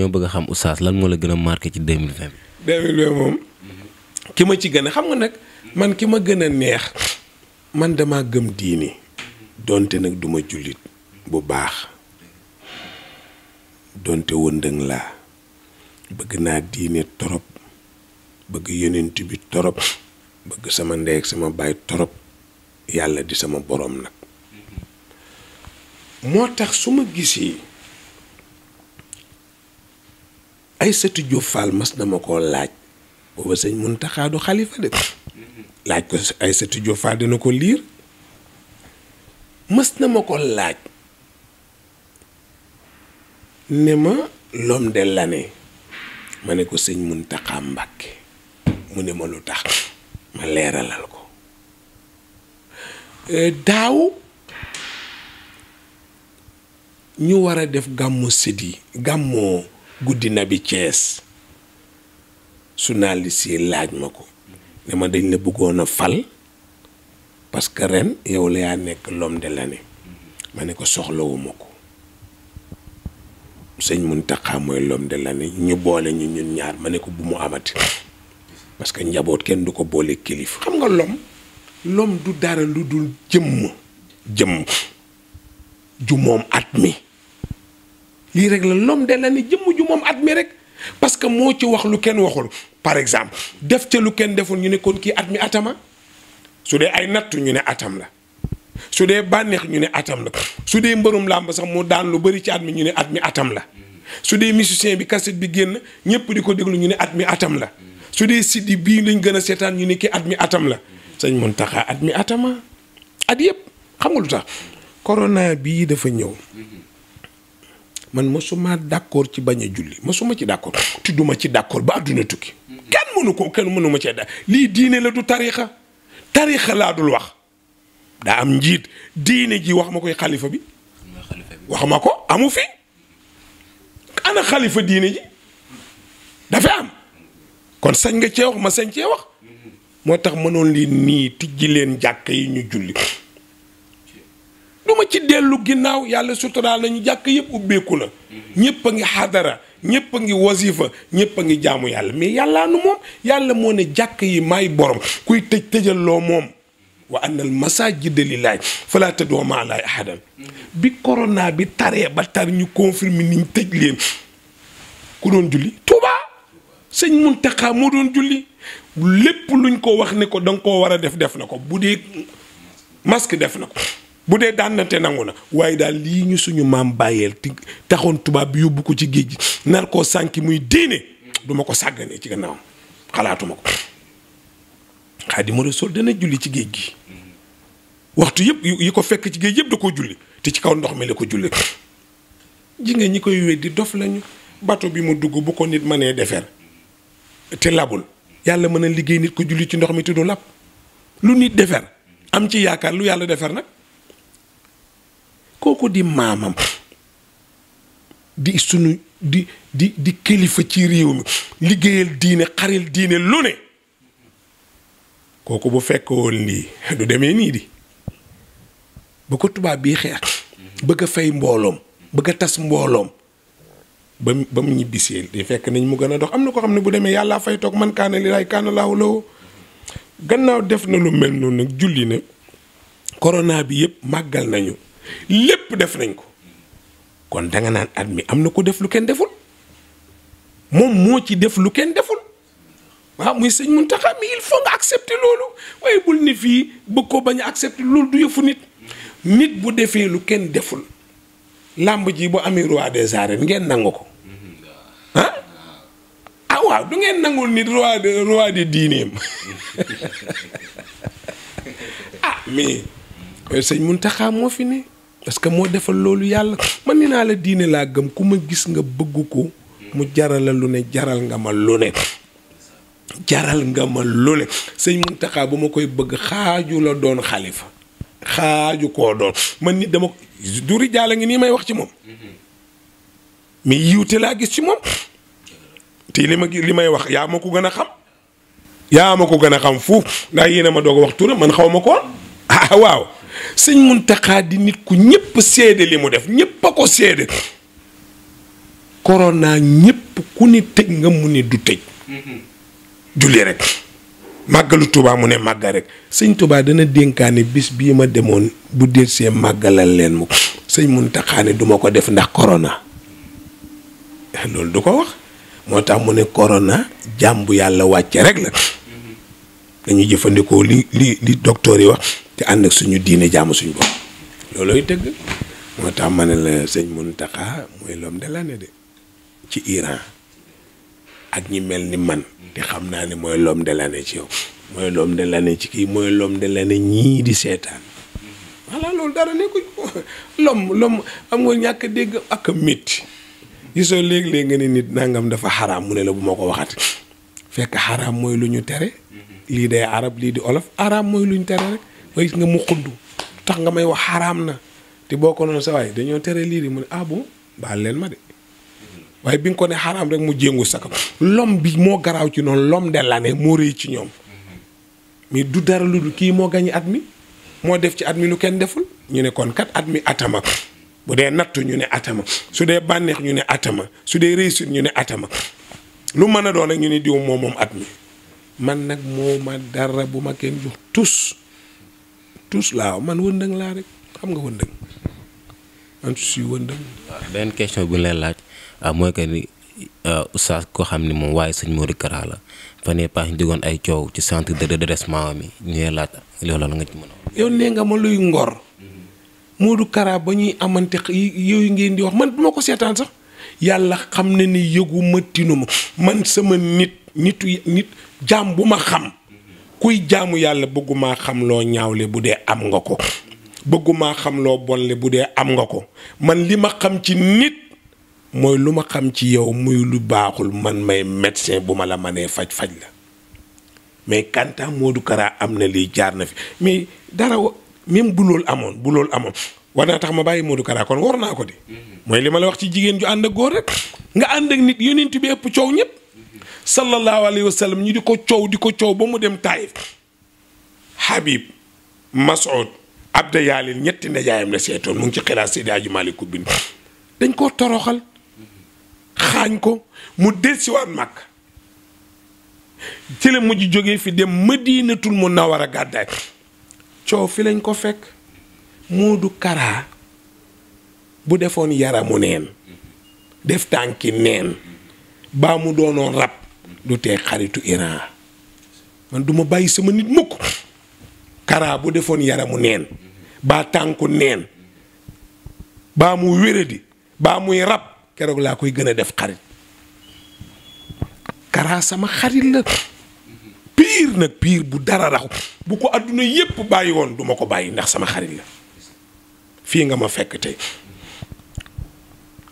ñoo bëgg xam oustaz lan moo la gën a marqué ci 2020 bi. moom ki ma ci gën a xam nga nag man ki ma gën a neex man dama gëm diini donte nag duma jullit bu baax donte wëndëng laa bëgg naa diine torop bëgg yonent bi torop bëgg sama ndey ak sama baay torop yàlla di sama borom nag moo tax suma ma gisee Aysatu Jóob Faal mas na ma ko laaj booba sëñ Muntaxa du xalifa de laaj ko Aysatu Jóob Faal dina ko liir mas na ma ko laaj ne ma l'homme de l'année ma ne ko sëñ Muntaxa Mbàkke mu ne ma lu tax ma leeralal ko eh, daaw ñu war a def gàmmu sidi gàmmoo guddi na bi cees Thiès journaliste yi laaj ma ko ne ma dañ la bëggoon a fal parce que ren yow la yaa nekk lom de l'année ma ne ko soxlawuma ko sëñ Mountakha mooy l'homme de l'année ñu boole ñu ñun ñaar ma ne ko bu mu amati parce que njaboot kenn du ko boole kilifa xam nga lom lom du dara lu dul jëmm jëmm ju at mi lii rek la l'homme de l'année jëmm ju moom at mi rek parce que moo ci wax lu kenn waxul par exemple def ca lu kenn deful ñu ne kon kii at mi atama su dee ay nattu ñu ne atam la su dee bànneex ñu ne atam la su dee mbërum làmb sax mu daan lu bëri ci at mi ñu ne at mi atam la su dee musicien bi cassette bi génn ñëpp di ko déglu ñu ne at mi atam la su dee sidi bii lañ gën a seetaan ñu ne kii at mi atam la sëñ taxa at mi atama at yëpp xamul sax lu corona bii dafa ñëw man ma suma d'accord ci bañ a julli suma ci d'accord duma ci d'accord ba àdduna tukki kenn mënu ko kenn mënuma cee da lii diine la du tarixa tarixa laa dul wax daa am njiit diine ji wax ma koy xalifa bi wax ma ko amu fi ana xalifa diine ji dafa am kon sañ nga cee wax ma sañ cee wax moo tax mënoon lii nii tijji leen jàkk yi ñu julli ci dellu ginnaaw yàlla suturaal nañu jàkk yëpp ubbeeku na ñëpp a ngi xadara ñëpp a ngi wasifa ñëpp a ngi jaamu yàlla mais yàllaa nu moom yàlla moo ne jàkk yi may borom kuy tëj tëjal loo moom wa anna al masajida lillahi fala tad'u ma'a llahi ahadan bi corona bi taree ba tar ñu confirme niñ tëj leen ku doon julli Touba sëñ Muntaxa moo doon julli lépp luñ ko wax ne ko danga koo war a def def na ko bu dee masque def na ko bu dee daanante nangu na waaye daal lii ñu suñu maam bàyyeel ti taxoon tubaab yóbbu ko ci géej gi nar koo sànki muy déene duma ko sàgganee ci gannaawam xalaatuma ko Xaadimu Rasuul dana julli ci géej gi waxtu yëpp yi ko fekk ci géej yëpp da koo julli te ci kaw ndox mi la ko julli ji nga ñi koy di dof lañu bato bi mu dugg bu ko nit mënee defer te labul yàlla mën a liggéey nit ko julli ci ndox mi te du lab lu nit defer am ci yaakaar lu yàlla defer nag kooku di maamam di sunu di di di kilifa ci réew mi liggéeyal diine xaril diine lu ne kooku bu fekk woon lii du demee nii di ba ko tubaab bii xeex bëgg a fay mbooloom bëgg a tas mbooloom ba ba mu ñibbisee di fekk nañ mu gën a dox am na ko xam ne bu demee yàllaa fay toog man kaana lillaay kaana gannaaw def na lu mel noonu nag julli ne corona bi yëpp màggal nañu lépp def nañ ko kon danga naan mi am na ko def lu kenn deful moom moo ci def lu kenn deful waaw muy sëñ Mountakha mi il faut nga accepter loolu waaye bul ni fii bëgg ko bañ a loolu du yëfu nit nit bu defee lu kenn deful làmb ji bu amee roi des ngeen nangu ko ah, ah ngeen nangul nit roi de roi de diineem ah mais moo fi ne parce que moo defal loolu yàlla man ni naa la diine laa gëm ku ma gis nga bëgg ko mu jaral lu ne jaral nga ma lu ne jaral nga ma lu ne sëñ Muntaxa bu ma koy bëgg xaaju la doon xalifa xaaju ko doon man nit dama du rijaale ngi nii may wax ci moom mais yiwte laa gis ci moom te li ma li may wax yaa ma ko gën a xam yaa ma ko gën a xam fuuf ndax yéen a ma doog a wax turam man xaw ma koon ah, waaw sëñ Muntaxa di nit ku ñëpp seede li mu def ñëpp a ko seede corona ñëpp ku ni tëj nga mu ni du tëj mhm. julli rek màggalu Tuubaa mu ne màgga rek sëñ Tuubaa dana dénkaani bis bii ma demoon bu déet see màggalal leen mu sëñ Muntaxa ne duma ko def ndax korona eh, loolu du ko wax moo tax mu ne korona jàmbu yàlla wàcce rek la mhm. dañuy jëfandikoo li li li docteur yi wax ci ànd ak suñu diine jàmm suñ bopp loolooy dëgg moo tax ma ne la sëñ Mountakha mooy l'homme de l'année de ak ñi mel ni man te xam naa ne mooy lom de l'année ci yow mooy l'homme de l'année ci kii mooy l'homme de l'année ñii di seetaan voilà loolu dara nekkuñ ko l'homme l'homme am nga ñàkk dégg ak métti gisoo léeg-léeg nga ne nit nangam dafa xaraam mu ne la bu ma ko waxati fekk xaraam mooy lu ñu tere lii day arab lii di olof xaraam mooy lu ñu tere rek nga nga mu xuddu tax nga may wax xaraam na te boo ko noonu sa waay dañoo teree lii di mu ne ah bon baal leen ma de waaye bi nga ko ne xaraam rek mu jéngu sakam lom bi moo garaaw ci noonu lom de la ne moo rëy ci ñoom mais du dara lu dul kii moo gañi at mi moo def ci at mi lu kenn deful ñu ne kon kat at mi atama bu dee nattu ñu ne atama su dee bànneex ñu ne atama su dee réussite ñu ne atama lu mën a doon rek ñu ne diw moom moom at mi man nag moo ma bu ma kenn tous laa man wëndëng laa rek xam nga wëndëng man su wëndëng. waaw benn question bu leen laaj ah, mooy que ni ah, oustaz koo xam ni moom waaye sëñ Modou Kara la fan yii paas ñu digoon ay coow ci centre de redressement mi ñu ngi laaj loolu la nga ci ma luy ngor. Modou Kara ba ñuy amante yooyu ngeen di wax man du ma ko seetaan sax yàlla xam na ni yëgu ma tinu ma man sama nit nitu nit jaam bu ma xam. kuy jaamu yàlla bëggumaa xam loo ñaawle bu dee am nga ko bëggumaa xam loo bonle bu dee am nga ko man li ma xam ci nit mooy lu ma xam ci yow muy lu baaxul man may médecin bu ma la manee faj faj la mais Kanta Modou Kara am na lii jaar na fi mais dara même bu loolu amoon bu loolu amoon war naa tax ma bàyyi Modou Kara kon war naa ko di. Mm-hmm. mooy li ma la wax ci jigéen ju ànd ak góor rek. nga ànd ak nit yonent bi ëpp coow ñëpp. sallallahu alayhi wa sallam ñu di ko coow di ko coow ba mu dem Taïf Habib Masoud Abda ñetti ndajaayam la seetoon mu ngi ci xilaas Seydi Hadji Malick bind dañ koo toroxal xaañ ko mu delsiwaat mag ci la mujj jóge fi dem Madinatul Munawwara gàddaay coow fi lañ ko fekk Moodu Kara bu defoon yaramu neen def tànki neen baa mu doonoon rab du tee xaritu iraa man du ma bàyyi sama nit mukk Kara bu defoon yaramu neen baa tànku neen baa muy wéradi baa muy rab keroog laa koy gën a def xarit Kara sama xarit la piir nag piir bu dara raxu bu ko àdduna yépp bàyyi woon duma ko bàyyi ndax sama xarit la fii nga ma fekk tey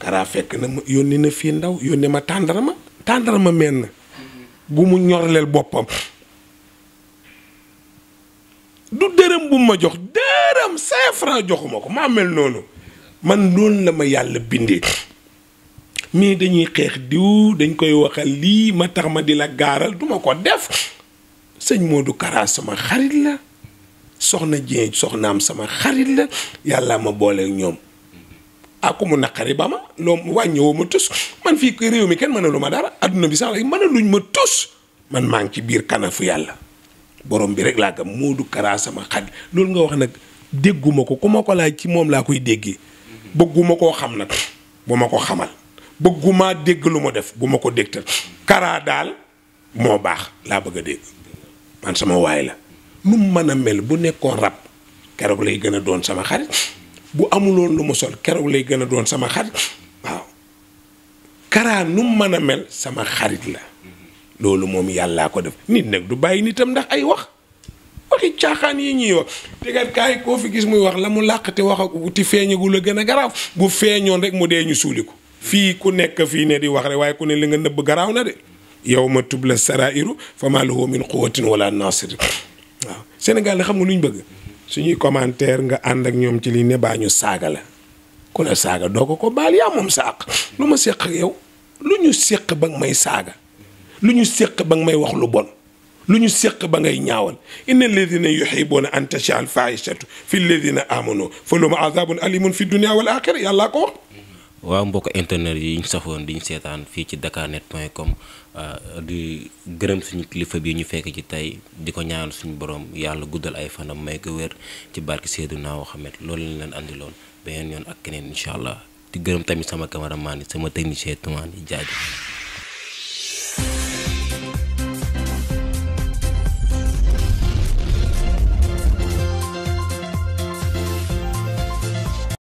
Kara fekk na ma yónni na fii ndaw yónni ma tàndara ma meen na bu mu ñorleel boppam du dërëm bu ma jox dërëm cinq francs joxuma ko maa mel noonu man loolu la ma yàlla bindee mais dañuy xeex diw dañ koy waxal lii ma tax ma di la gaaral duma ko def sëñ Modou Kara sama xarit la soxna soxna am sama xarit la yàlla ma booleek ñoom ah ku mu naqari ba ma loo wàññiwoo ma tus man fii réew mi kenn mënalu ma dara àdduna bi sax a lu ñu ma tus man maa ngi ci biir kanafu yàlla borom bi rek laa gëm Modou Kara sama xarit nga wax nag dégguma ko ku ma ko ci moom laa koy déggee bëgguma koo xam nag bu ma ko xamal bëgguma dégg lu ma def bu ma ko dégtal Kara daal moo baax laa bëgg a dégg man sama waay la nu mu mën a mel bu nekkoo rab keroog lay gën a doon sama xarit. bu amuloon lu mu sol keroog lay gën a doon sama xarit waaw karaa nu mu mën a mel sama xarit la loolu moom yàllaa ko def nit nag du bàyyi nitam ndax ay wax waxi caaxaan yi ñuy wax te kaay koo fi gis muy wax la mu làq te wax ak wuti feeñagul a gën a garaaw bu feeñoon rek mu dee ñu suuli ko fii ku nekk fii ne di wax rek waaye ku ne li nga nëbb garaaw na de yow ma tubla sarairu fa maa lahu min quwwatin wala nasir waaw Sénégal xam nga lu ñu bëgg suñuy commentaire nga ànd ak ñoom ci li ne baa ñu saaga la kon la saaga doo ko ko baal yaa moom sa àq lu ma séq yow lu ñu séq ba may saaga lu ñu séq ba nga may wax lu bon lu ñu séq ba ngay ñaawal inna alladina yuhibuuna an tacha al faishatu fi alladina amanu fa lahum azabun alimun fi dunia wal axira yàllaa ko waaw mbokk internet yi ñu safoon di ñu seetaan fii ci dakarnet point com euh, di gërëm suñu kilifa bi ñu fekk ci tey di ko ñaanal suñu borom yàlla guddal ay fanam may ko wér ci barke naa waxamet loolu lañ leen andiloon beneen yoon ak keneen incha allah di gërëm tamit sama cameraman yi sama technicien tumaan yi jaajëf